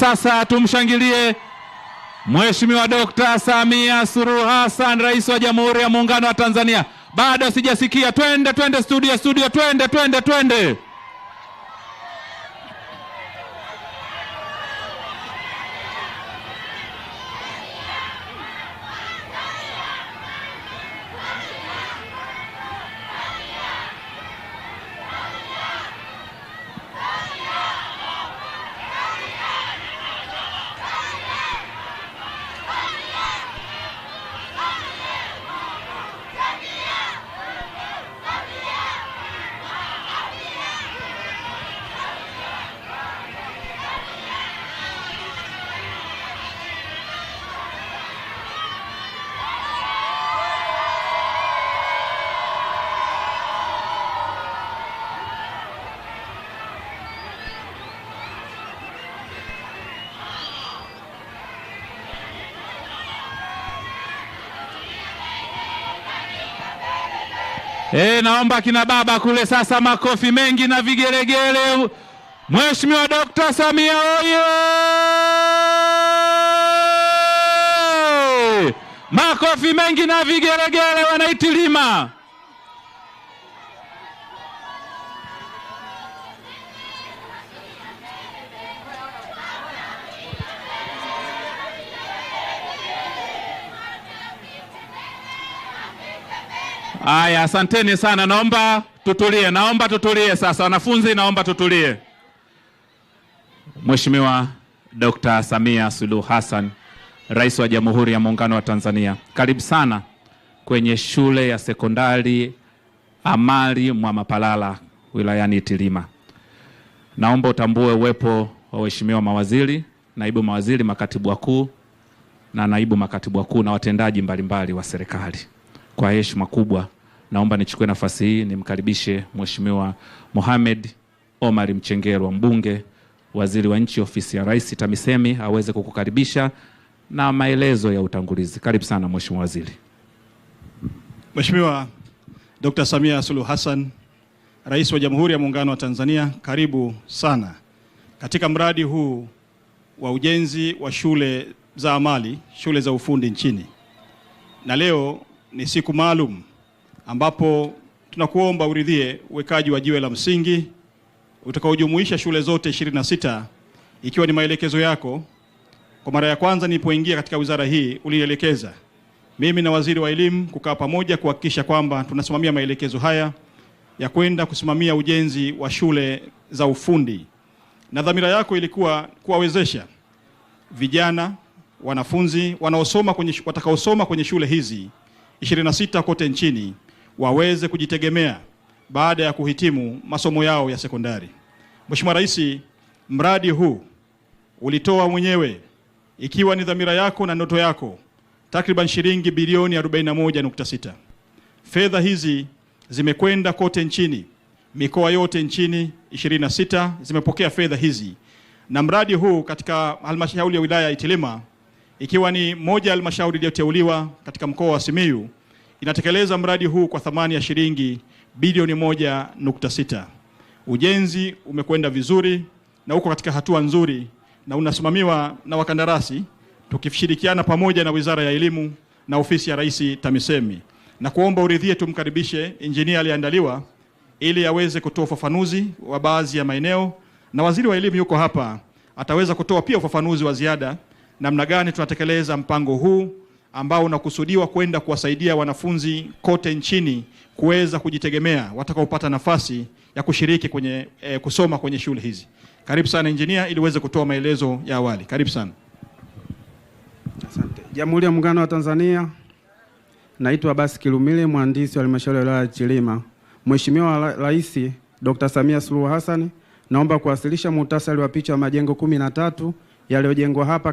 Sasa tumshangilie Mheshimiwa Dkt. Samia Suluhu Hassan, Rais wa Jamhuri ya Muungano wa Tanzania. Bado sijasikia. Twende twende studio, studio, twende twende twende. E, naomba kina baba kule sasa makofi mengi na vigelegele. Mheshimiwa Dkt. Samia oye! Makofi mengi na vigelegele wanaitilima. Haya, asanteni sana, naomba tutulie, naomba tutulie sasa. Wanafunzi, naomba tutulie. Mheshimiwa Dr. Samia Suluhu Hassan, Rais wa Jamhuri ya Muungano wa Tanzania, karibu sana kwenye shule ya sekondari Amali Mwamapalala wilayani Itilima. Naomba utambue uwepo wa waheshimiwa mawaziri, naibu mawaziri, makatibu wakuu na naibu makatibu wakuu na watendaji mbalimbali mbali wa serikali. Kwa heshima kubwa Naomba nichukue nafasi hii nimkaribishe Mheshimiwa Mohamed Omar Mchengerwa, mbunge, waziri wa nchi, ofisi ya Rais, TAMISEMI, aweze kukukaribisha na maelezo ya utangulizi. Karibu sana Mheshimiwa Waziri. Mheshimiwa Dr. Samia Suluhu Hassan, Rais wa Jamhuri ya Muungano wa Tanzania, karibu sana katika mradi huu wa ujenzi wa shule za amali, shule za ufundi nchini, na leo ni siku maalum ambapo tunakuomba uridhie uwekaji wa jiwe la msingi utakaojumuisha shule zote 26 ikiwa ni maelekezo yako. Kwa mara ya kwanza nilipoingia katika wizara hii, ulielekeza mimi na waziri wa elimu kukaa pamoja kuhakikisha kwamba tunasimamia maelekezo haya ya kwenda kusimamia ujenzi wa shule za ufundi, na dhamira yako ilikuwa kuwawezesha vijana wanafunzi wanaosoma kwenye watakaosoma kwenye shule hizi 26 kote nchini waweze kujitegemea baada ya kuhitimu masomo yao ya sekondari. Mheshimiwa Rais, mradi huu ulitoa mwenyewe ikiwa ni dhamira yako na ndoto yako takriban shilingi bilioni 41.6. Fedha hizi zimekwenda kote nchini, mikoa yote nchini 26 zimepokea fedha hizi, na mradi huu katika halmashauri ya wilaya ya Itilima ikiwa ni moja ya halmashauri iliyoteuliwa katika mkoa wa Simiyu inatekeleza mradi huu kwa thamani ya shilingi bilioni moja nukta sita. Ujenzi umekwenda vizuri na uko katika hatua nzuri na unasimamiwa na wakandarasi tukishirikiana pamoja na Wizara ya Elimu na Ofisi ya Rais TAMISEMI, na kuomba uridhie tumkaribishe injinia aliyeandaliwa ili aweze kutoa ufafanuzi wa baadhi ya maeneo, na waziri wa elimu yuko hapa, ataweza kutoa pia ufafanuzi wa ziada namna gani tunatekeleza mpango huu ambao unakusudiwa kwenda kuwasaidia wanafunzi kote nchini kuweza kujitegemea watakaopata nafasi ya kushiriki kwenye e, kusoma kwenye shule hizi. Karibu sana injinia, ili uweze kutoa maelezo ya awali. Karibu sana. Asante. Jamhuri ya Muungano wa Tanzania, naitwa Abasi Kilumile, mhandisi wa halmashauri ya wilaya ya Chilima. Mheshimiwa Rais Dr. Samia Suluhu Hassan, naomba kuwasilisha muhtasari wa picha wa majengo kumi na tatu yaliyojengwa hapa